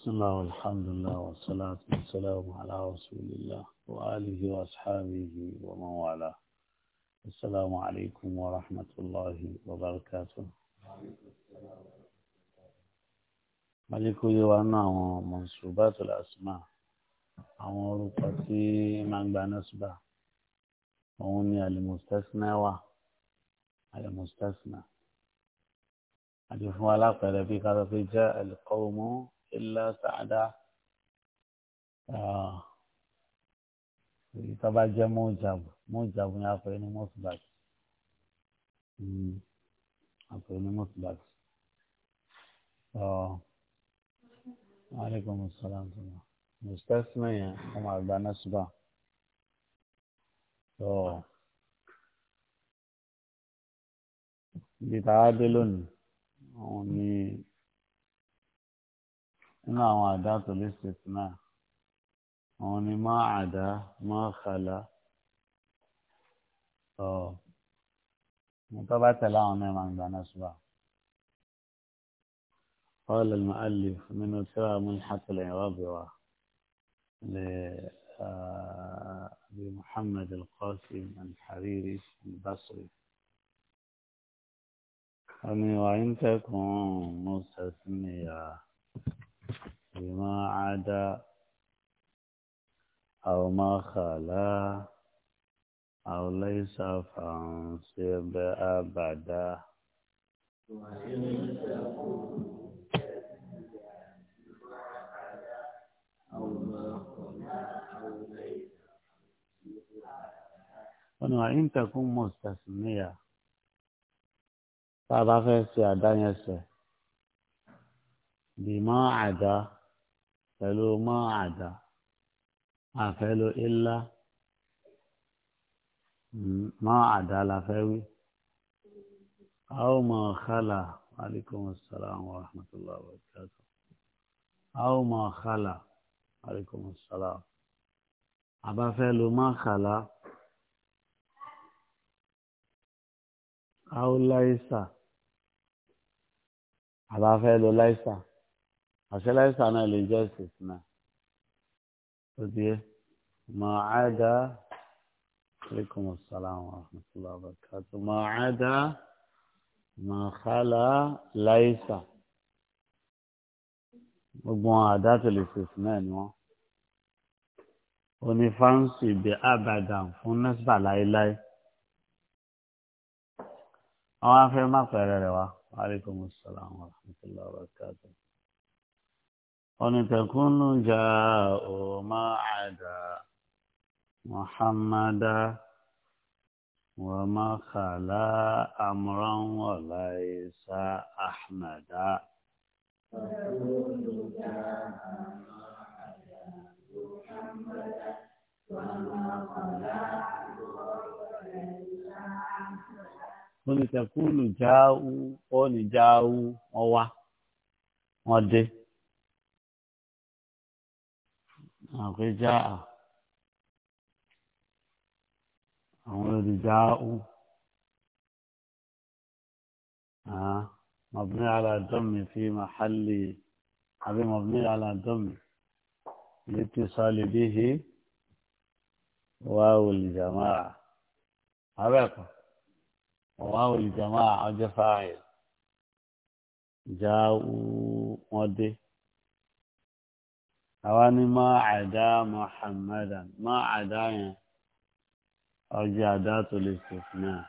بسم الله والحمد لله والصلاة والسلام على رسول الله وآله وأصحابه ومن والاه السلام عليكم ورحمة الله وبركاته ملك يوانا منصوبات الأسماء أمور قتي من بنسبة وبركاته المستثنى و المستثنى أجفوا على قلبي قال جاء القوم ilá sàdá èyí tó bá jẹ́ mọ́jàbù mọ́jàbù ni a pè ní mọ́sùbàtì a pè ní mọ́sùbàtì. Aleykum salaam tó lọ. Mùsùlùmí yẹn wọ́n máa gba Násùbà. Ibi tá a dé lónìí, àwọn ni. هنا هو الاستثناء هون ما عدا ما خلا أو مطبعت لا هون ما عندها نسبة قال المؤلف من ترى منحط العراب لأبي محمد القاسم الحريري البصري أني أمي وعندكم مستثنية فيما عدا أو ما خلا أو ليس فانصب أبدا وإن تكون تكون مستثنية فأضافة سيادان بما عدا pẹ̀lú mọ́ àdá àfẹ́lò ilá mọ́ àdá la fẹ́ wí. أو ما خلا عليكم السلام ورحمة الله وبركاته أو ما خلا عليكم السلام أبا فعل ما خلا أو ليس أبا فعل ليس ọ̀sẹ̀láìsà náà lè jẹ́ ìsìsìnà ó di é mọ̀ àádá alaikum assalamu wa rahmatullahi wa barakatuh mọ̀ àádá mọ̀ kálá láìsà gbogbo àdá tó lè ìsìsìnà ni wọ́n oní fáǹsì bí abadan fún nẹ́sìbà láéláé àwọn afẹ́ má pẹ̀rẹ̀ rẹ̀ wá alaikum assalamu wa rahmatullahi wa barakatuh ọ̀nìtẹ̀kùnú jà ó máa àdá muhammadu wa máa kàlá amúran wọ̀lá isa ahmada. ọ̀nìtẹ̀kùnú jà ó máa àdá jà ó ọ̀nì jà wọ́n dé. àpéjá àwọn olùjà ó مبني على الضم في محل هذا مبني على الضم الاتصال به واو الجماعة هذا واو الجماعة جفاعل جاءوا مودي àwa ní má àdá muhammadan má àdá yẹn ọjọ́ àdá tó lè sèfì náà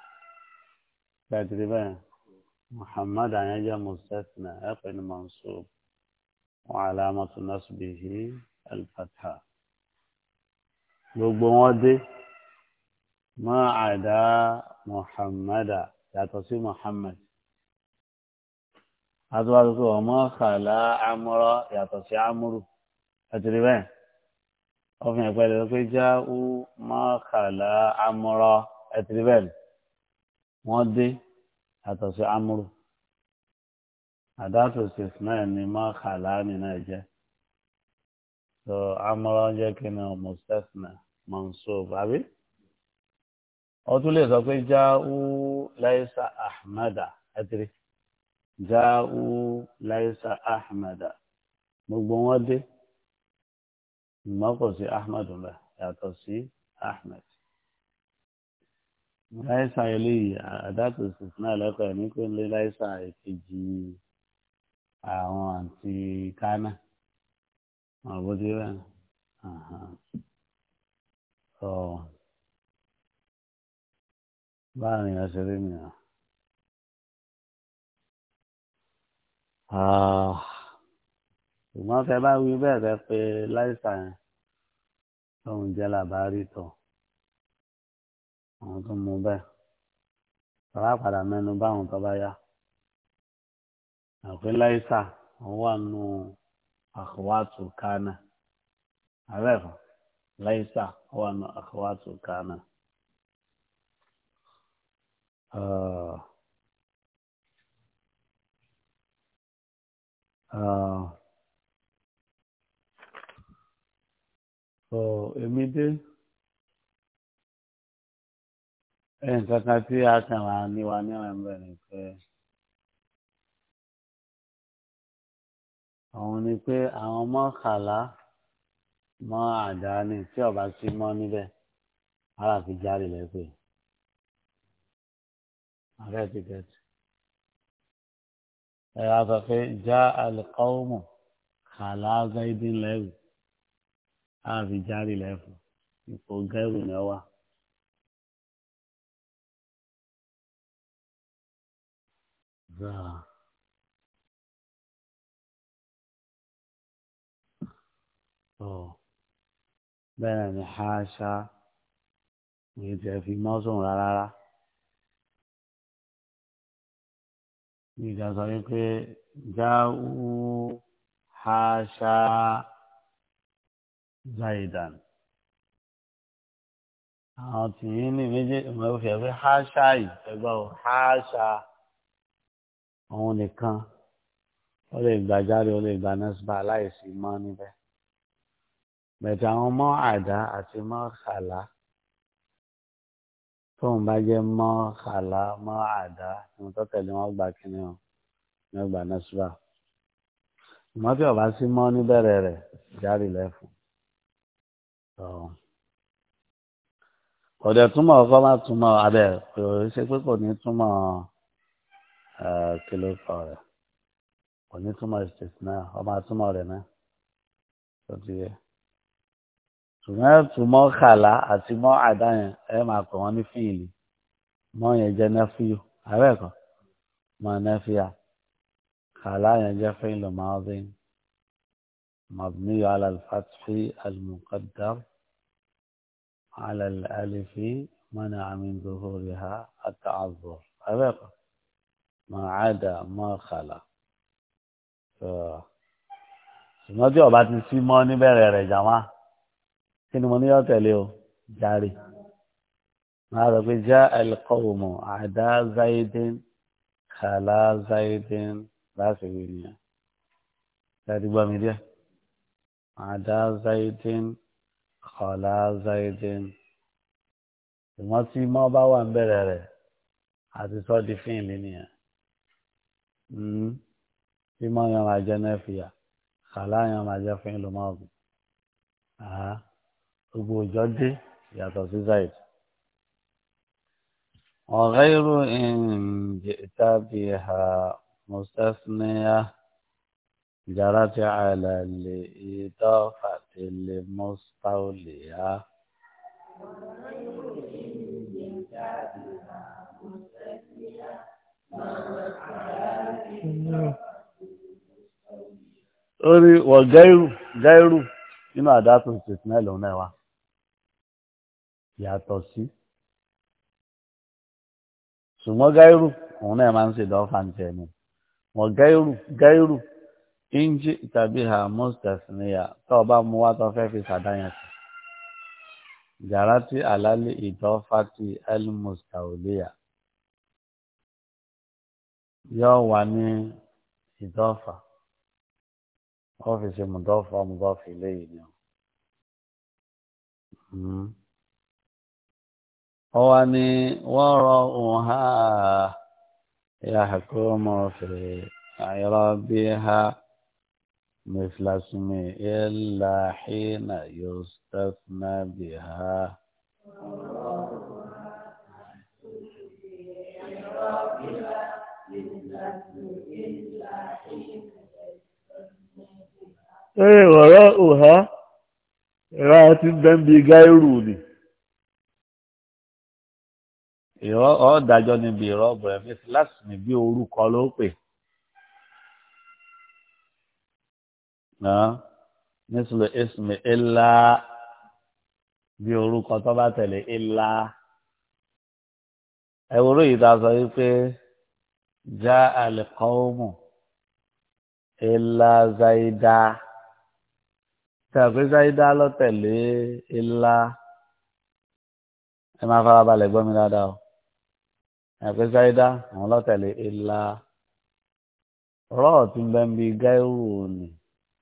gbàdúrà báyìí muhammadan yẹn jẹ́ mustafna ẹ pè ní mansub wa alamatu nasbihi alfatha gbogbo wọn dé má àdá muhammadan yàtọ̀ sí muhammad àti wàá tó kọ́ ọmọ kàlá amúrọ̀ sí amúrù ẹtùrí bẹ́ẹ̀ ọfìn ìpẹlẹ ló pé já ó mọ́kànlá amúrọ ẹtùrí bẹ́ẹ̀ wọ́n dé àtọ̀sí amúrò àdáàtò six náà ni mọ́kànlá mi náà jẹ́ so amúrọ jẹ́ kí ni mustafna mansoub àbí ó tún lè sọ pé já ó láìsà ahmada ẹtùrí já ó láìsà ahmada gbogbo wọn dé ṣùgbọ́n kò sí ahmed mbẹ yàtọ̀ sí ahmed. láìsà eléyìí àdáàtò sísun náà lẹ́kọ̀ọ́ ẹ̀mí pé ń lé láìsà èkejì àwọn àǹtí kánà ọ̀bọ̀n tí bẹ́ẹ̀ sọ báàrin àṣírí mi. Ah ṣùgbọ́n tẹ bá wí bẹ́ẹ̀ tẹ pé láìsàn yẹn tóun jẹ́ làbárí tọ̀ àwọn tó mú bẹ́ẹ̀ tọ́lá padà mẹ́nu báwọn tó bá yá àpé láìsà wọ́n wà nù àkọwàtò kánà àbẹ́fọ́ láìsà wọ́n wà nù àkọwàtò kánà. Uh, uh. ọ̀ èmi dé ẹ̀yìn kankan tí a kàn wá ní wa ní àwọn ẹ̀mọ́ ẹ̀rìn pé àwọn ni pé àwọn mọ́kànlá mọ́ àdáni tí ọba sí mọ́ níbẹ̀ ara fi jáde lẹ́pẹ́ ààrẹ ti gẹ̀ẹ́tì ẹ̀rọ afẹ́fẹ́ já alqawmu kàlá zaidin lẹ́wì á fi járe lẹ́fù ni ọ wà. bẹ́ẹ̀ ni haṣa èyí tẹ̀ fi mọ́sùn rárá ìjà sọ wípé jáwó haṣa zaidan àwọn tí yín ní méjì ìmọ̀ òfin ẹ̀fẹ́ háṣá yìí ẹgbẹ́ ò háṣá òun nìkan ó lè gbàjáre ó lè gbà nẹ́sìbà láìsí mọ́ níbẹ̀ bẹ̀tẹ̀ àwọn mọ́ àdá àti mọ́ kàlá tóun bá jẹ́ mọ́ kàlá mọ́ àdá ní tó tẹ̀lé wọn gbà kíní o ní ọgbà nẹ́sìbà ìmọ̀ tí ọba sí mọ́ níbẹ̀rẹ̀ rẹ̀ járe lẹ́fún ọ̀dẹ̀ túmọ̀ ọkọ má túmọ̀ abẹ kò ṣe pé kò ní túmọ̀ kìlọ̀ kọ rẹ̀ kò ní túmọ̀ state náà ọmọ túmọ̀ rẹ̀ náà tó ti yẹ ṣùgbọ́n túmọ̀ kàlá àti mọ́ àdáyẹn ẹ máa pọ̀ wọ́n ní fíìlì mọ́ yẹn jẹ́ nẹ́fíù àbẹ́ kan mọ́ nẹ́fíà kàlá yẹn jẹ́ fíìlì máa ń bẹ́ẹ̀ mabniyu ala al-fath al-muqaddar. على الألف منع من ظهورها التعذر أبقى ما عدا ما خلا ف... ṣùgbọ́n tí ọba ti sí mọ́ níbẹ̀rẹ̀ rẹ̀ jàmá kí ni mo ní ọ̀tẹ̀lé o járe máa rọ̀ pé já al-qawmu àdá záyédín kàlá záyédín láti rí nìyẹn. ṣáà ti gbọ́ mi díẹ̀ àdá záyédín kọ̀ọ̀lá zaidin ìmọ̀ tí mọ́ bá wà ń bẹ̀rẹ̀ rẹ̀ àti sọ́ di fíìlì nìyẹn hmm. tí mọ́ yẹn máa jẹ́ nẹ́fìyà kọ̀ọ̀lá yẹn máa jẹ́ fíìlì mọ́ọ̀gù gbogbo òjò dé yàtọ̀ sí zaid وغير إن جئت بها مستثنية جرت على الإضافة المستولية orí wọ gẹ́rù gẹ́rù nínú àdátùn ìsìnkú lòun náà wá yàtọ̀ sí ṣùgbọ́n gẹ́rù òun náà máa ń ṣe dọ́fà ń tẹ̀ ní wọ gẹ́rù gẹ́rù inji tàbí ha mustasniya tó o bá mú wá tó fẹ́ fi sàdáyàn sí jarati alali idọfati almustauliya yóò wà ní idọfa ọfíìsì mudọfa mudọfi lẹ́yìn ni ọ hmm. wà ní wọn rọ òun ha yàtọ̀ mọ fèrè àyọrọ bí ha. مثل إلا حين يستثنى بها Ẹ̀rẹ̀ ọ̀rọ̀ òhá, ẹ̀rọ àti bẹ́m̀bì gáírù ni. Ìrọ̀ ọ̀dájọ́ níbi ìrọ̀ ọ̀bọ̀rẹ̀ láti ní bí orúkọ ló pè. nísìlò ismi ilá bí orúkọ tó bá tẹ̀lé ilá ẹ̀wòrò yìí ta sọ wípé já al-qawmu ilá zaida tẹ̀pẹ́ zaida ló tẹ̀lé ilá ẹ máa farabalẹ̀ gbọ́ mi dáadáa o ẹ̀pẹ́ zaida àwọn ló tẹ̀lé ilá rọ́ọ̀ bẹ́ẹ̀ bí gáírù ni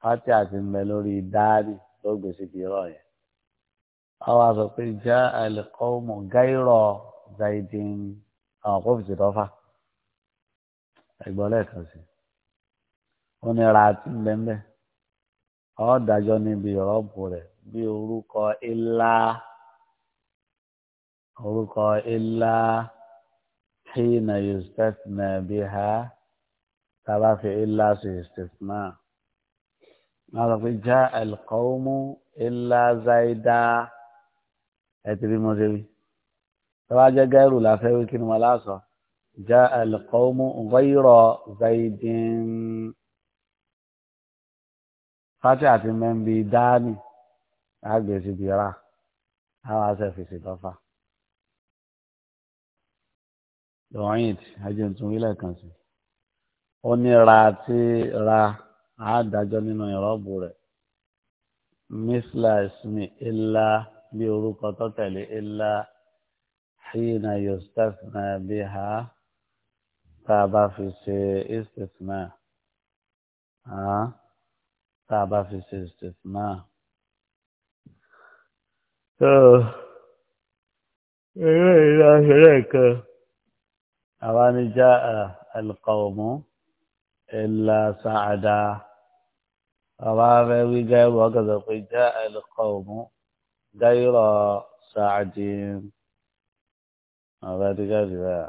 fati àti mbẹ lórí dáàrí ló gbèsè bí rọ yẹn àwọn àṣọ pé já àlìkọ́mù gáírọ̀ zaidin àwọn kò fìsì tọ́fà ẹgbọ́n lẹ́ẹ̀kan sí ó ní ra àti mbẹ́mbẹ́ ọ́ dájọ́ níbi ìrọ́pù rẹ̀ bí orúkọ ilá orúkọ ilá hìnà yustathna biha tábà fi ilá sí yustathna máa sọ pé já alqawmu illa zaida ẹ ti rí mo ṣe wí tọ́wá jẹ́ gẹ́rù láfẹ́ wí kí ni mo láṣọ já alqawmu ghayra zaidin fati àti mẹ́mbi dání àgbèsí bìírà àwọn aṣẹ́fìsì lọ́fà lọ́yìn ajé tún wílẹ̀ kan sí ó ní ra ti ra á dájọ́ nínú ìrọ́bù rẹ̀ mísílà ìsinmi ilá bí orúkọ tó tẹ̀lé ilá hìnà yustafna biha tá a bá fi ṣe istisna tá a bá fi ṣe istisna. eré ìlàṣẹ̀rẹ̀ kan àwa ni já alqawmu illa sa'ada ọba fẹ́ wí gáírù ọ̀gàdọ̀ pé já ẹlẹ́kọ̀ ọ̀mú gáírù sáàdì ọba ti gáàdì rẹ̀.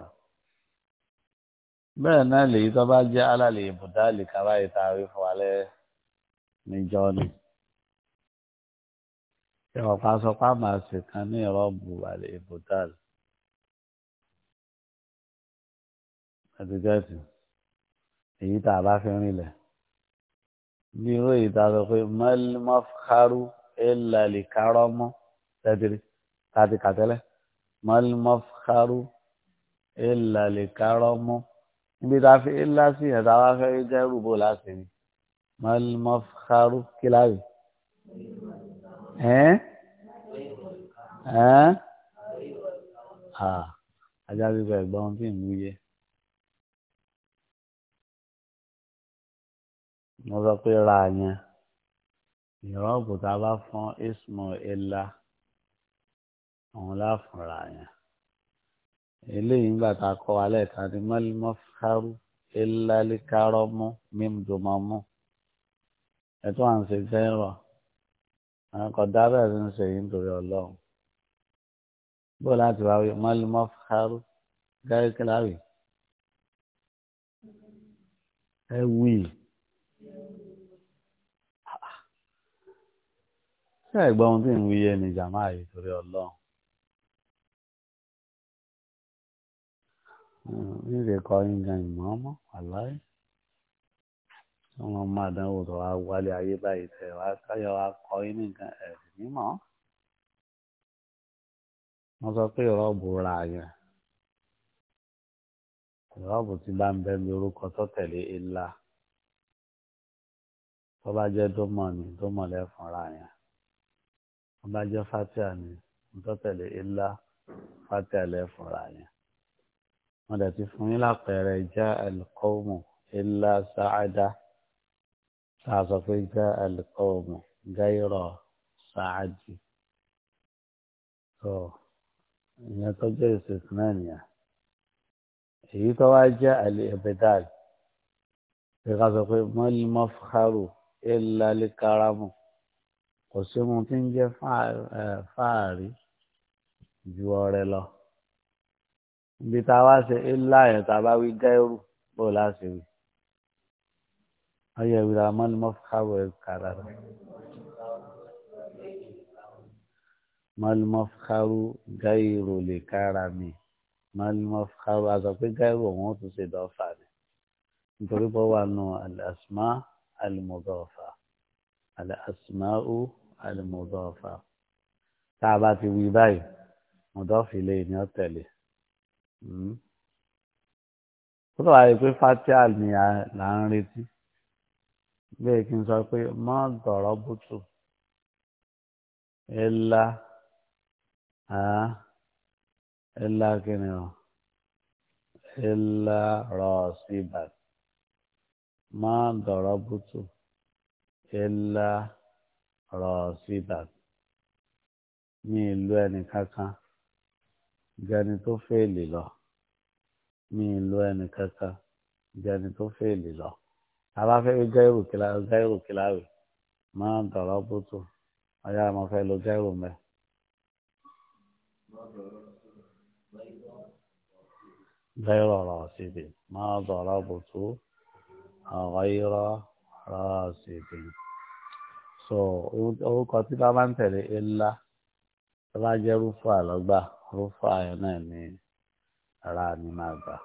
bẹ́ẹ̀ náà lèyí tó bá jẹ́ alálẹ̀ ìbùdá àlìkàrà ìtàwé fún alẹ́ níjọ́ ni. ṣé ọ̀pá bí irú ìdájọ́ pé mọ́lmọ́fárú ẹ̀làlì kárọ́mọ́ tẹ́tìrì tàbí kàtẹ́lẹ̀ mọ́lmọ́fárú ẹ̀làlì kárọ́mọ́ níbi tá a fi ńlá sí yẹn tá a wá fẹ́ jẹ́ rúbò láti ní mọ́lmọ́fárú kíláàsì. ẹ́ẹ́ ẹ́ẹ́ àjá gbígbà ẹ̀gbọ́n tí ń wúyẹ́. mo sọ pé ra yẹn ìrọ́bù tá a bá fún ismọ̀ ẹ̀la òun láfúnra yẹn eléyìí nígbà tá a kọ́ wa lẹ́ẹ̀kan ní mọ́límọ́fárú ẹ̀lálékárọ́mú mímdùmọ́mú ẹ̀tọ́ à ń ṣe fẹ́ràn àwọn kan dábẹ́ ẹ̀ ń ṣe yìí nítorí ọlọ́run bó láti wá wí mọ́límọ́fárú gáríkìláwì ẹ wí. ṣe ẹ̀gbọ́n ohun tí ń wí yé ni jàmáà yìí torí ọlọ́run níbi ẹ̀kọ́ yín gan ìmọ̀ọ́mọ́ àláyé wọn máa dánwò tó wá wálé ayé báyìí tẹ wá káyọ wá kọ yín nìkan ẹ̀sìn mímọ́ wọ́n sọ pé ìrọ́bù ra yẹn ìrọ́bù ti bá ń bẹ́ mi orúkọ tó tẹ̀lé ilá tó bá jẹ́ dómọ̀ ni dómọ̀ lẹ́fọ̀n ra yẹn ọba jẹ́ fatia ni ntọ́tẹ̀lẹ̀ ilá fatia lẹ́fọ̀ra yẹn wọ́n dẹ̀ ti fún yín lápẹẹrẹ já alikọ́ọ̀mù ilá sáádá tá a sọ pé já alikọ́ọ̀mù gáírọ̀ sáájì tó ìyẹn tó jẹ́ ìsìnkú náà nìyẹn èyí tó wá jẹ́ àlè ẹ̀bẹ̀dáàlì bí sọ pé mọ́lì ilá lè kò sí ohun tí ń jẹ́ fáàrí ju ọrẹ lọ ibi tá a wá ṣe ńlá yẹn tá a bá wí gáírù bó o láṣẹ wí ọyọ ìwé àwọn ọmọ fáwọ kàrà rẹ mọlmọfáwọ gáírù lè kára mi mọlmọfáwọ àzọ pé gáírù òun tún ṣe dọfà ni nítorí pé wà nù àlàsùmá àlùmọdọfà. الأسماء المضافة تعبت ويباي مضاف إليه نتالي ó tọ́ hmm. àyè pé fatia ni là ń retí bẹ́ẹ̀ kí n sọ pé má dọ̀rọ̀ bùtù ẹ̀la ẹ̀la kìíní o ẹ̀la rọ̀ síbà má dọ̀rọ̀ bùtù ilá rọ̀ṣídà ní ìlú ẹnì kankan jẹni tó fèèlì lọ ní ìlú ẹnì kankan jẹni tó fèèlì lọ abáfẹ́fẹ́ gáírù kíláwì máa ń dọ̀rọ̀ bùtù ọ̀yá mo fẹ́ lo gáírù mẹ́. gáírù rọ̀ṣídì máa ń dọ̀rọ̀ bùtù ọ̀gáírù rọ̀ṣídì so orúkọ tí bá máa ń tẹ̀lé ńlá tó bá jẹ́ rúfà lọ́gbà rúfà yẹn náà ni ara ni máa gbà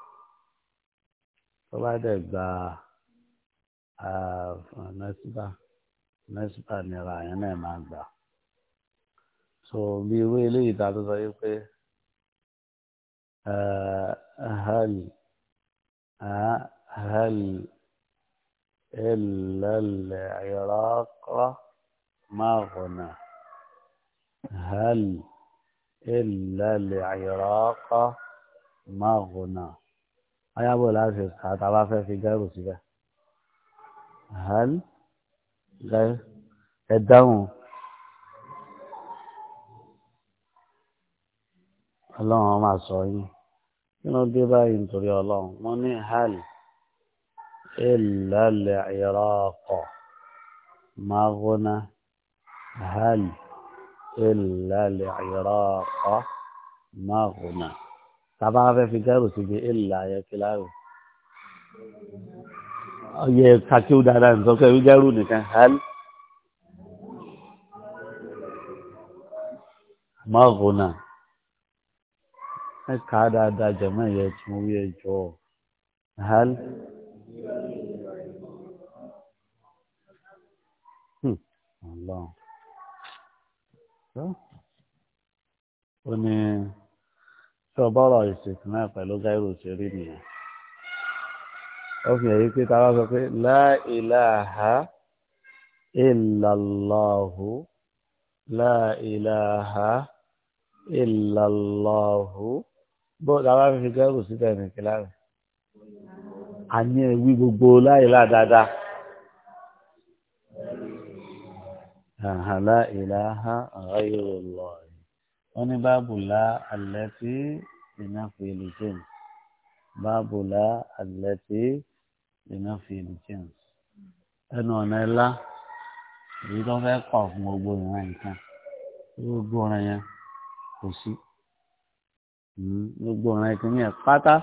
tó bá dẹ̀ gba nẹ́sìbà nẹ́sìbà ni ara yẹn náà máa gbà so bí irú eléyìí ta tó sọ yìí pé hal hal illa al-iraq. مغنى هل إلا العراق مغنى أي أبو العافية هتعرف في جابه سبا هل غير الدم اللهم مع الصعيد ينو دي باين تري الله من هل إلا العراق مغنى هل إلا العراق مغنى طبعا في كاروسي في إلا يا كلاوي يا كاكيو دالان في كاروني كان هل مغنى كادا دا جماعة يتموية جو هل الله ó ní tí ọbọ̀rọ̀ ìsìnkú náà pẹ̀lú gáírò ṣe rí nìyẹn ó fi hàn pé tá bá sọ pé la ilaha illallahu la ilaha illallahu bó tá a bá fi gáírò sí tẹ̀mí kíláàrẹ̀ a ní ewì gbogbo láìláà dáadáa. la ilaha ghayrullah wọ́n ní báàbù lá alẹ́ tí iná fi lè jẹun báàbù lá alẹ́ tí iná fi lè jẹun ẹnu ọ̀nà ẹ̀lá èyí tó fẹ́ kọ̀ fún gbogbo ìran nǹkan gbogbo ọ̀ràn yẹn kò sí hmm, gbogbo ọ̀ràn ìkíní pátá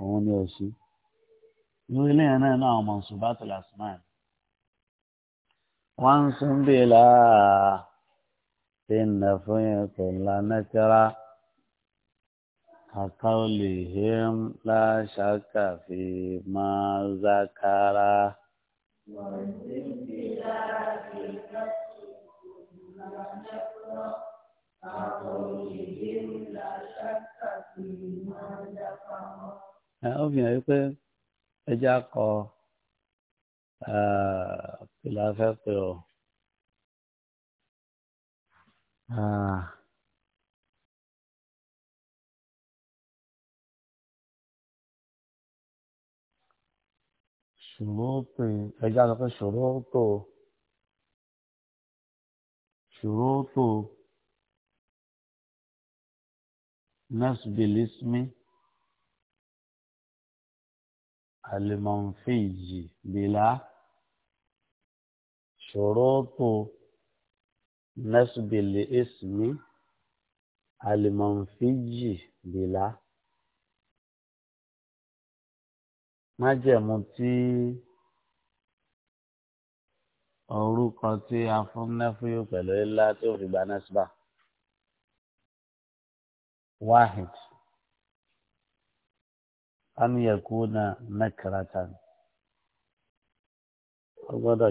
òun ni ò sí lórílẹ̀ yẹn náà náà àwọn mọ̀nsùn bá وانصم بلا إن فيك لا نكرا كقولهم لا شك فيما ذكرا وانصم بلا كقولهم لا شك فيما ذكرا أو في أي أجاكو kí la fẹ́ pè ọ́ ṣòrótò ẹja sọ pé ṣòrótò ṣòrótò nẹ́sìbìlísmì àlèmọ̀ǹfì yìí bìlá. شروط nẹ́sùbìlì ìsìnmí àlìmọ̀nfíjì bìlá májẹ̀mú tí orúkọ tí a fún nẹ́fúyù pẹ̀lú ńlá tí ó fi gba nẹ́sùbà wahid an yakuna nakratan ó gbọ́dọ̀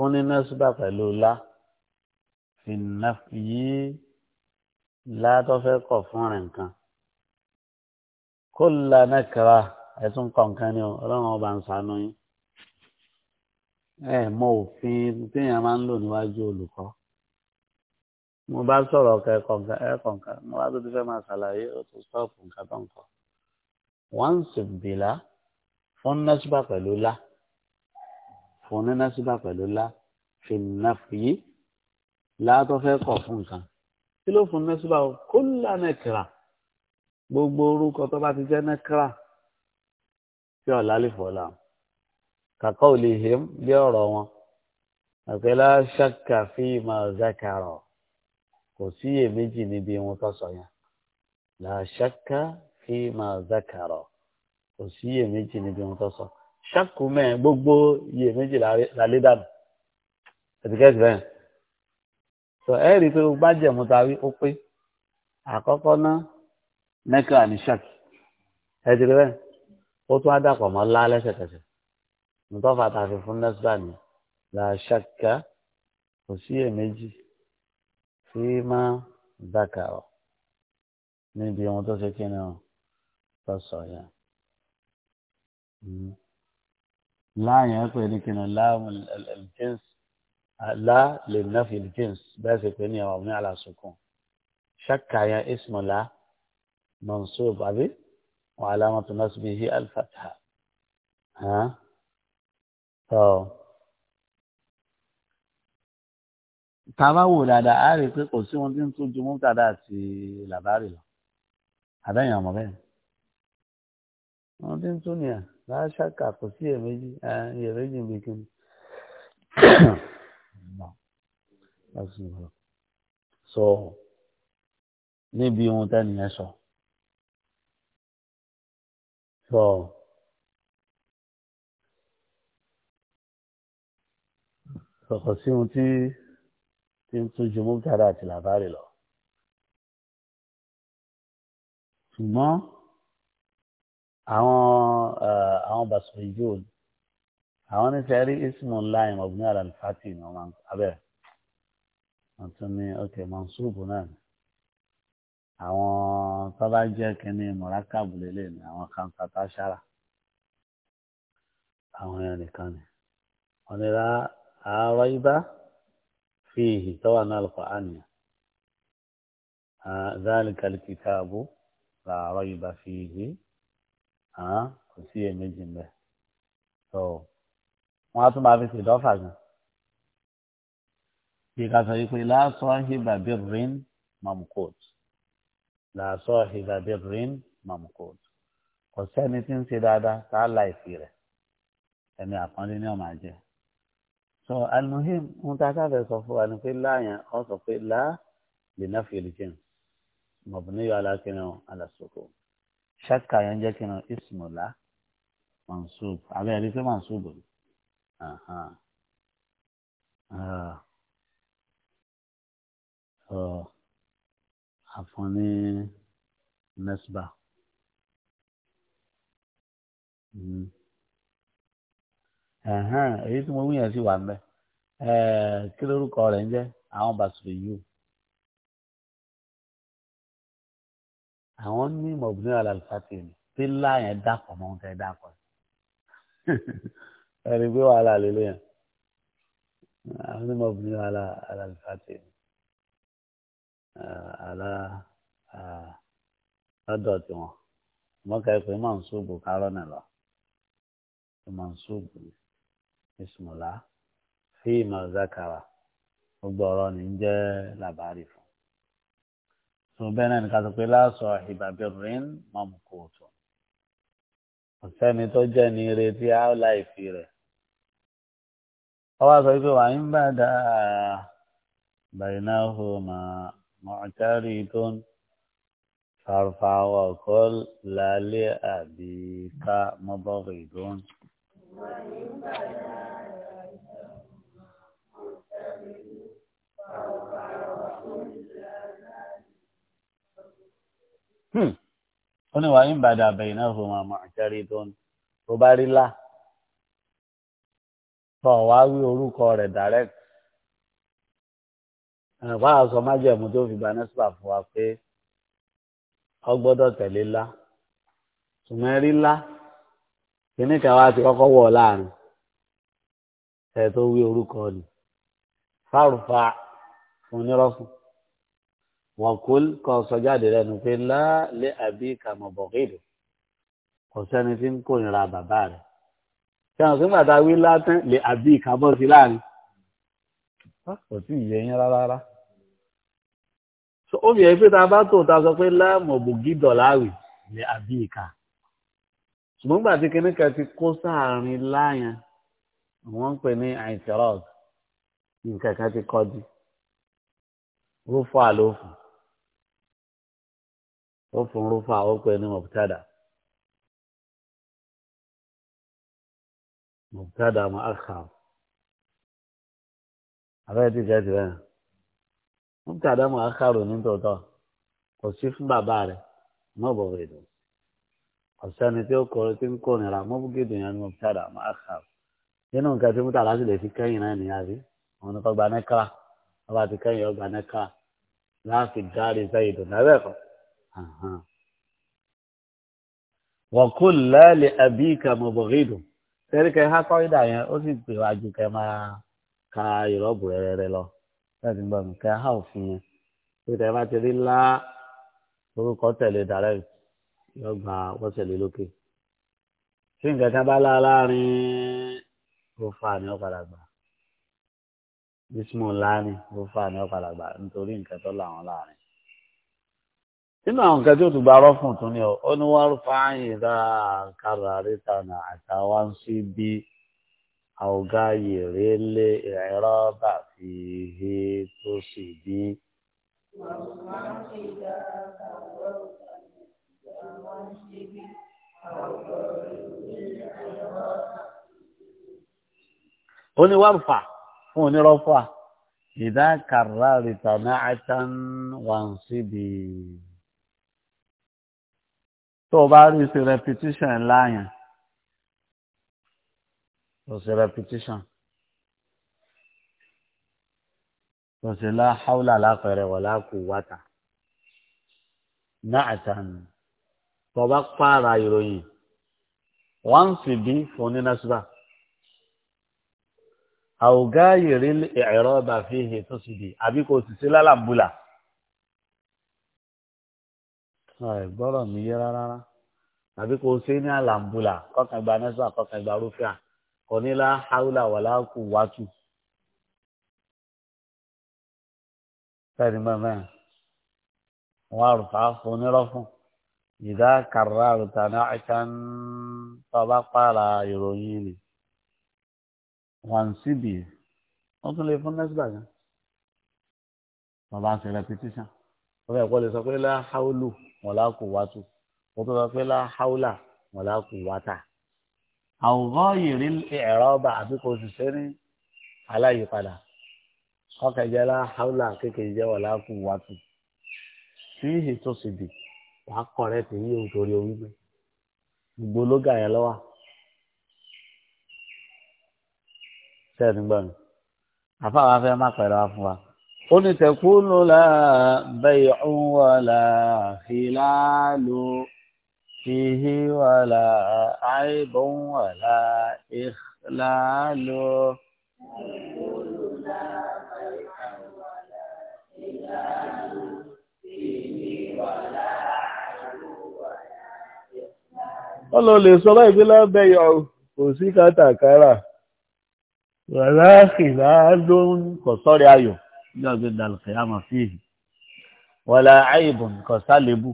fún ní nẹ́sùbà pẹ̀lú lá ìnà yìí lá tó fẹ́ kọ̀ fún rẹ̀ nǹkan kó la nẹ́kẹ̀rà ẹ̀sùn kọ̀ọ̀kan ni ọlọ́run ọba ń sànú yín ẹ mọ òfin téèyàn máa ń lò níwájú olùkọ́ mo bá sọ̀rọ̀ ọ̀kẹ́ ẹ̀kọ̀ọ̀kan mo bá tó ti fẹ́ máa ṣàlàyé ó ti sọ́ọ̀pù nǹkan tó ń kọ́ wọ́n ń sì bìlá fún nẹ́sùbà pẹ̀lú lá fún ní násìbà pẹ̀lú lá fi nàfìyí láàtọ́ fẹ́ kọ̀ fún nǹkan kí ló fún násìbà o kó là nẹ́kìrà gbogbo orúkọ tó bá ti jẹ́ nẹ́kìrà tí ọ̀la lè fọ̀ọ́lá kàkọ́ ò lè hìm bí ọ̀rọ̀ wọn àti láṣàkà fi máa zákàrọ̀ kò sí iyèméjì níbi wọn tó sọ yẹn láṣàkà fi máa zákàrọ̀ kò sí iyèméjì níbi wọn tó sọ ṣàkómẹ́ gbogbo iye méjì lálé dànù ẹ̀dùkẹ́sì bẹ́ẹ̀ sọ ẹ rí i pé gbogbo àjẹmú ta wí ó pé àkọ́kọ́ náà nẹ́kà ní ṣàkì ẹ̀dùkẹ́ bẹ́ẹ̀ ó tún á dàpọ̀ mọ́ lá lẹ́sẹ̀kẹsẹ̀ nítorí fàtà fi fún nẹ́sìlá ni là ṣàkà kò sí èméjì tí máa dàkà ọ níbi ohun tó ṣe kí ni ọ tó sọ yẹn. Mm-hmm láàyàn pé ní kìnnà láàmùlẹ́jìns lá lè náfi jìns bẹ́ẹ̀ sì pé ní àwọn ọmọ aláṣùkùn ṣàkà yẹn ismọ̀lá mansub àbí wọn alámọ̀tò náà sì bí hí alfàtà tàbá wò dáadáa á rí i pé kò sí ohun tí ń tún ju mútàdá àti làbárì lọ àbẹ́yìn ọmọ bẹ́ẹ̀ ohun tí ń tún nìyẹn láṣàkà kò sí iyèméjì iyèméjì bíi kí ni. sọ níbi ohun tẹ́nìyẹn sọ sọ sọ̀kọ̀ sí ohun tí tí ń tójú mú kára àti làbárè lọ ṣùgbọ́n àwọn àwọn basiri yóò àwọn nífẹ̀ẹ́ rí ismu láì mọ̀bùnú àlàlùfàtì ní ọmọ abẹ́ wọn tún ní ọkẹ mọ̀nsúùbù náà ni àwọn tó bá jẹ́ kínní mọ̀rákàbù lélẹ̀ ni àwọn kan tata ṣára àwọn èèyàn nìkan ni wọn ní ra àárọ̀ ibà fi ìhì tọ́wà náà lọ́kọ̀ àníyàn ذلك الكتاب لا ريب فيه kò sí èméjì ń bẹ tó wọn á tún máa fi ṣèdọ́fà gan bí ká sọ wípé lásán hibà bírin mamukot lásán hibà bírin mamukot kò sẹ́ni tí ń ṣe dáadáa tá a la ìfì rẹ̀ ẹni àpọ́nlé ní ọ̀mà jẹ́ so alimuhim ń ta káfẹ́ sọ fún wa ni pé láàyàn ọ sọ pé láà lè náà fi lè jẹun mọ̀bùnú yọ alákìnrin alasoko ṣáàkà yẹn ń jẹ́ kí n ràn ismola mansub abẹ́ ẹ̀rí pé mansub ni àfọn ah. ah. ní nesba hmm. èyí tí mo wí yẹn sì wà ń bẹ eh, kí lórúkọ rẹ̀ ń jẹ́ àwọn bàṣìrì yìí. àwọn ní mọ̀bùnú àlàlùfàtì ni tí láàyàn dàpọ̀ mọ́ ohun tẹ́ dàpọ̀ ẹni pé wàhálà lélẹ̀ yẹn àwọn ní mọ̀bùnú àlàlùfàtì ni àlà lọ́dọ̀ tiwọn mọ́kà ẹ pé mọ̀nsúbù kárọ̀ nà lọ mọ̀nsúbù ìsùnmùlá fíìmù zakara gbogbo ọ̀rọ̀ ni ń jẹ́ làbárí fún tó bẹ́ẹ̀ náà ní ká sọ pé láàṣọ ìbàbí rìn mọ́mú kò tó ọ̀sẹ́ni tó jẹ́ ní retí á láì fi rẹ̀ ọwọ́ sọ pé wàá ń bá dá bàyìí náà hù mà mọ̀ọ́tárì tó ń fàrfà ọkọ̀ lálẹ́ àbíká mọ́bọ̀rì tó ń. Hmm. ó ní wàá ń bàdà bẹ̀yìn náà fún wa mọ̀ọ́kẹ́rì tó ń tó bá rí là tó wàá wí orúkọ rẹ̀ direct ẹ̀fọ́ àṣọ májẹ̀mú tó fi gba nẹ́sùpà fún wa pé ọ gbọ́dọ̀ tẹ̀lé lá ṣùgbọ́n rí lá kíní kan wá ti kọ́kọ́ wọ̀ láàrin ẹ̀ tó wí orúkọ ni fárùfà fún nírọ́fún wọn kò kọ sọjáde rẹ nù pé ńlá lé àbí kàmọ̀bọ̀gìdù kò sẹ́ni tí ń kórìíra bàbá rẹ̀ sẹ́wọ̀n sí gbàdá wí látán lè àbí ìkàbọ̀ sí láàrin ah, kò tí ì yẹ yín rárá ó yẹ pé ta bá tó ta sọ pé lámọ̀bọ̀gìdọ̀ láàrin lè àbí ìkà ṣùgbọ́n gbà tí kìnnìkà ti kó sáàrin láàyàn wọ́n ń pè ní àìsírọ́ọ̀d nǹkan kan ti kọjú ó fọ́ àlòfù ó fún rúfà ó pè ní mọ̀tàdà mọ̀tàdà mọ̀ àkà abẹ́rẹ́ ti jẹ́ tirẹ̀ mọ̀tàdà mọ̀ àkà rò ní tòótọ́ kò sí fún bàbá rẹ̀ náà bọ̀ wẹ̀ dùn ọ̀sẹ́ni tí ó kọrin tí ń kó nira mọ́bùgídì yẹn ni mọ̀tàdà mọ̀ àkà nínú nǹkan tí mọ̀tàdà sì lè fi kẹ́yìn náà nìyá rí òun ni kò gba nẹ́kà ọba ti kẹ́yìn ọgbà nẹ́kà láti dárí sẹ́yìn dùn náà bẹ́ẹ̀ kọ́. wọ̀kú lẹ́ẹ̀lì ẹbí kẹmọ̀bọ̀gídù ha kọ́rídà yẹn ó sì pè wá ju kẹ máa ka ìrọ́bù rẹrẹ lọ láti gbọ́ mi kẹ ha òfin yẹn pé tẹ bá ti rí lá orúkọ tẹ̀lé dàrẹ́ yóò gba wọ́sẹ̀lẹ̀ lókè tí nǹkan kan bá lá láàrin gbà bísímù gbà nínú àwọn nǹkan tí ó tún gba rọ́fùn tún ni ó ní wọ́n fáyìn ra kára ríta nà àtàwọn sí bí àwògá yèrè lé ẹ̀rọ bà fi he tó sì bí. ó ní wọ́n fà fún onírọ́fà ìdá kàrá ríta nà àtàwọn sí bí tó o bá rí ṣe repetition ńlá yẹn o ṣe repetition o ṣe la hawla la fẹrẹ wà la quwwata náà tán tó o bá pààrà ìròyìn wọn sì bí fún ní nasiba àwògá yèrè ẹ̀rọ bàfihì tó sì di àbí kò sì sí lálàbùlà gbọ́rọ̀ mi yé rárá àbí kò ṣe ní àlàmbùlà kọ́kàn gba nẹ́sà kọ́kàn gba rúfíà kò ní lá haúlà wà láàkú wátù. sẹ́ni mẹ́mẹ́ wọn àrùfà fún nírọ́ fún ìdá kàrà àrùtà náà ẹ̀kan tó bá pààrà ìròyìn rẹ̀ wọn síbi wọn tún lè fún nẹ́sà kan wọn bá ń ṣe rẹpitíṣàn wọn fẹ́ kọ́ lè sọ pé lá haúlù mọ̀láàkù wátú wọ́n tó sọ pé láháúlà mọ̀láàkù wátà. àwòrán yìí rí ẹ̀rọ ọba àbí kò sì ṣe ní aláyípadà ọkàjẹ́ láháúlà kékeré jẹ́ mọ̀láàkù wátú. tí ìhì tó sì bì wàá kọ̀ rẹ̀ tí yíyó torí orí gbé gbogbo lóga yẹn lọ́wọ́ sẹ́ẹ̀dùn gbọ́n mi àfáà wa fẹ́ má pẹ̀lú wa fún wa ó ní tẹkúnú la bẹ̀yìn wàlà hìlálù fìhí wàlà àìbọn wàlà ìhlálù. wọ́n lọ lè sọ báyìí pé lábẹ́yọ̀ kò sí kátàkárà wàlá hìlálù kò sọ́rí ayọ̀ yọ̀gbẹ́ dàlùkẹ́ àmọ̀ fíìhì wàlá àìbùn kò sálébù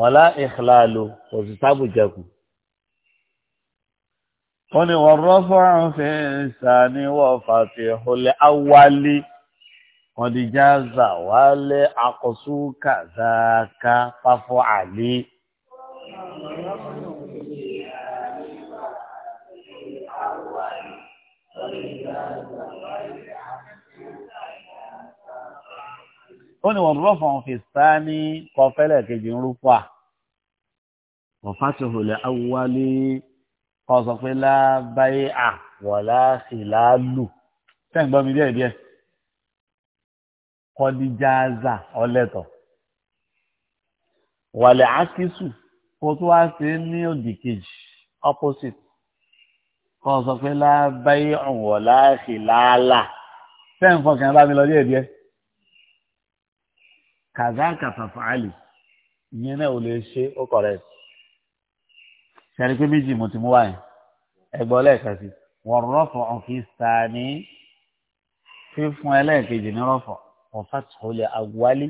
wàlá ìhlàlò kò sì sábùjẹkù. wọ́n ní wọ́n rọ́fọ́rùn fi ń sàní wọ́n fàtí ìhùlẹ̀ awálé wọ́n di jáza wálé àkọsù kàzáká fáfọ́ àlé. Thank you. ó ní wọn rọfọ òun fi sáni kọfẹlẹ kejì ń rúfọ à ọfàtìhùlẹ awuwálé kọsọpẹlá báyé à wọlá síláàlù sẹńgbọn mi díẹ̀ díẹ̀ kọdíjáàzà ọlẹtọ wàlẹ àkísù kó tó wá sí ní òdì kejì opposite kọsọpẹlá báyé ọwọlá síláàlà sẹńfọkàn bá mi lọ díẹ̀ díẹ̀ kàzáàkà fàfàálì ìyẹn náà ò lè ṣe ó correct ṣẹ́ni pé méjì mo ti mú wáyé ẹgbẹ́ ọlẹ́ẹ̀kan sí wọ́n rọ́fọ̀ ọ̀fíìsà ní fífún ẹlẹ́ẹ̀kejì ní rọ́fọ̀ ọ̀fàtúhólẹ̀ àwálé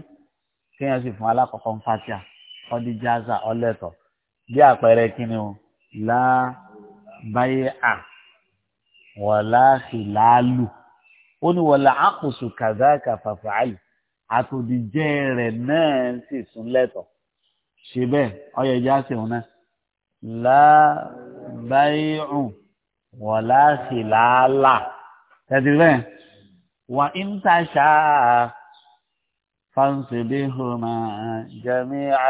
kéèyàn sì fún alákọ̀ọ́kọ́ ń fàtíà ọdíjáza ọlẹ́tọ̀ bí àpẹẹrẹ kíni o lá báyé à wọ́lá sì láálù ó ní wọ́lá àkùsù kàzáàkà fàfàálì àtòdìjẹ rẹ̀ náà sì sún lẹ́tọ̀ ṣe bẹ́ẹ̀ ọyọ ìjà sí òun náà lábáyéhùn wọ̀lá sí làálà tẹ̀sí bẹ́ẹ̀ wà ń tàṣà fáńsìbíhùnà jẹ́míà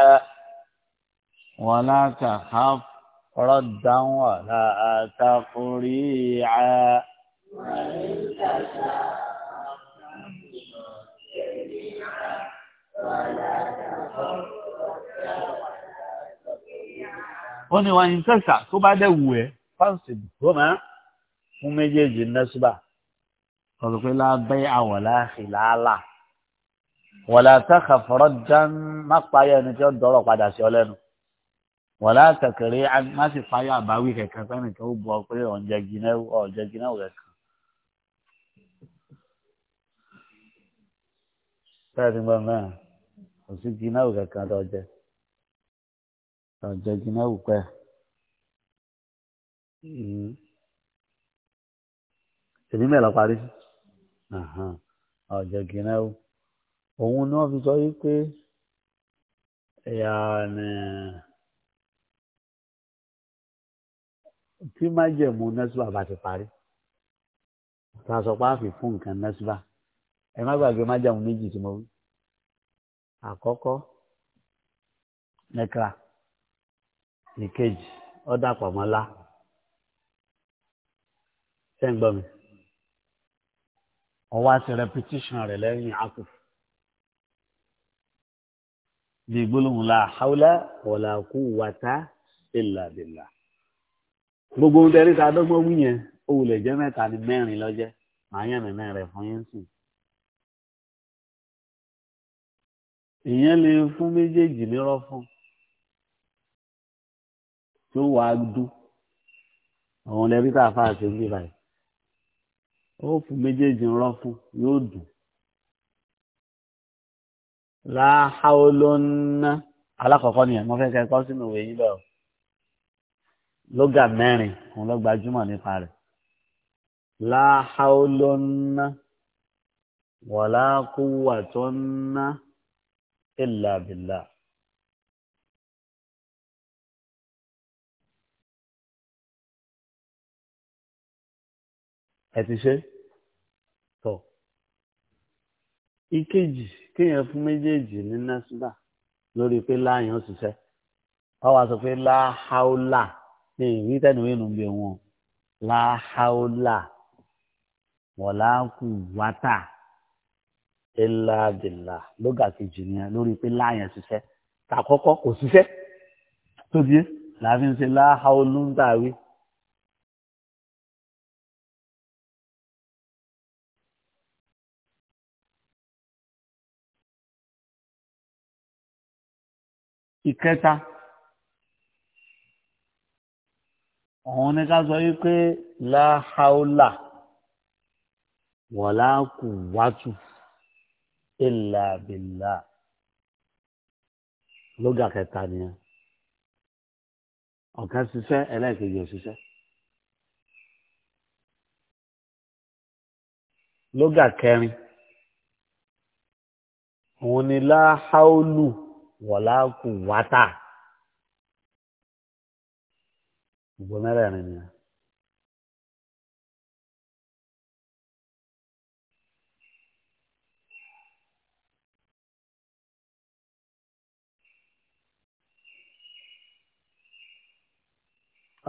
wọ̀lá kàkà rọ́dàn wọ̀lá àtàkùrí à. wà ń ó ní wọn yín tẹ̀sà tó bá dẹ̀ wù ẹ́ fáǹsì gbọ́mọ fún méjèèjì nẹ́sùbà ọ̀rọ̀ pé lábẹ́ àwọ̀lá ìlàálà wọ̀lá tẹ́kà fọ́rọ́ dán má payá ẹni tí ó dọ́rọ̀ padà sí ọ lẹ́nu wọ̀lá tẹ̀kẹ̀rẹ́ má sì payá àbáwí kẹ̀kẹ́ fẹ́mi tó bọ̀ pé ọ̀jẹ̀ gínáwó kẹ̀kẹ́. Fẹ́ẹ̀dì gbọ́n náà kò sí jìnnáwó kankan tó jẹ tó jẹ jìnnáwó pẹ hmm. èmi mẹ́lọ parí ọ̀jọ̀ jìnnáwó òun ni wọ́n fi sọ wípé ẹ̀yà ni. tí májẹ̀mú nẹ́sùbà bá ti parí ta sọ pé a fi fún nǹkan nẹ́sùbà ẹ má gbàgbé májẹ̀mú méjì tí mo wí àkọ́kọ́ nẹ́kra ìkejì ọ̀dà pọ̀mọ́lá sẹ́ńgbọ́mi ọwọ́ àti repetition rẹ̀ lẹ́yìn akù bí gbólóhùn la haúlá wọ̀là kú wàtá ìlà bìlà gbogbo ohun tẹ́lẹ̀ tá a dọ́gbọ́n wí yẹn ó wulẹ̀ jẹ́ mẹ́ta ní mẹ́rin lọ́jẹ́ màá yàn mẹ́rin rẹ̀ fún yín sùn. èèyàn lè fún méjèèjì nírọ́ fún tí ó wàá dú àwọn lẹ́rí tá a fà ṣe ń bí báyìí ó fún méjèèjì nírọ́ fún yóò dùn. láhàólónà alákọ̀ọ́kọ́ nìyẹn mo fẹ́ kẹ́kọ́ sínú ìwé yín bẹ́ẹ̀ o lóga mẹ́rin òun ló gbajúmọ̀ nípa rẹ̀ láhàólónà wàlákùwàtọ́nà illa بالله. ẹ ti ṣe tọ ìkejì kéèyàn fún méjèèjì ní násídà lórí pé láàyàn ó ṣiṣẹ́ báwa sọ pé láháólà ní ìwé tẹnuwé nù bí wọn láháólà wọlá wátà ilà bìlà lóga kejì nìyẹn lórí pé láàyàn ṣiṣẹ́ tàkọ́kọ́ kò ṣiṣẹ́ tó di làbí ń ṣe láha olóńtàwí. ìkẹta òun ni ká sọ wípé láhaúlà wọ̀lá kù wátù ìlà bìlà lóga kẹta nìyẹn ọ̀kan ṣiṣẹ́ ẹlẹ́ẹ̀kejì ò ṣiṣẹ́ lóga kẹrin òun ni láháólù wọ̀láàkù wátà gbogbo mẹ́rẹ̀ẹ̀rin nìyẹn.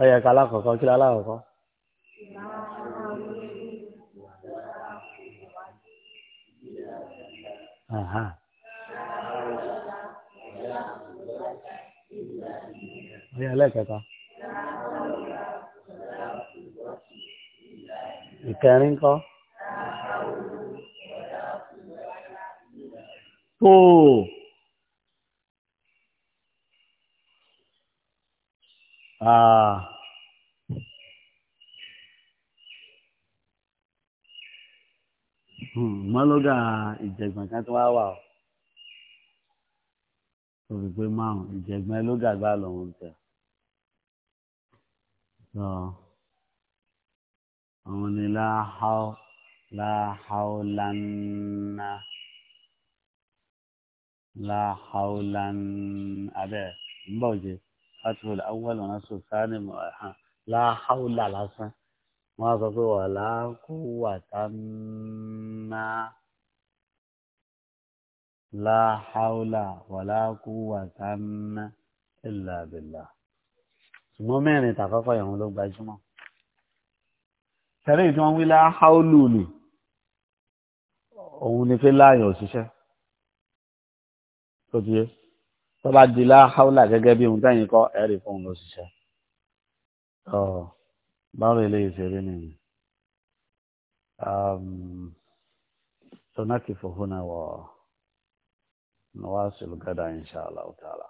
ọyẹ ká alákọ̀ọ́kọ́ kí alákọ̀ọ́kọ́. ọyẹ ẹlẹ́kẹ̀ẹ́ta. ìkẹrin kọ́. tóo. Ah. mọ́lọ́gà hmm, ìjẹ̀gbọ̀n kan tó wá wà ó tó fi pé márùn ìjẹ̀gbọ̀n ẹlógà gbá lòun tẹ̀ sọ àwọn ni láhàó láhàó lánà láhàó lánà abẹ́ ń bọ̀ jẹ́ fatihul awwal wọn sọ sani láhàúlà lásán wọn á sọ pé wà láhùwàtà má láhàúlà wà láhùwàtà má illa billah ṣùgbọ́n mẹ́rin tàkọ́kọ́ yẹn ló gbajúmọ̀ tẹ̀lé ìtàn wí láhàúlù ni òun ni pé láàyàn òṣìṣẹ́ tó di yé tó bá di láháúlà gẹ́gẹ́ bí ohun tẹ́yìn kọ́ ẹ̀rí fún un ló ṣiṣẹ́ ọ báwo lè ṣe rí nìyí sonaki fòhùnà wọ نواصل غدا إن شاء الله تعالى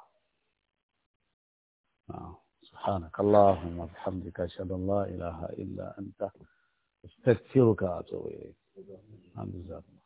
سبحانك اللهم وبحمدك أشهد أن لا إله إلا أنت استغفرك وأتوب إليك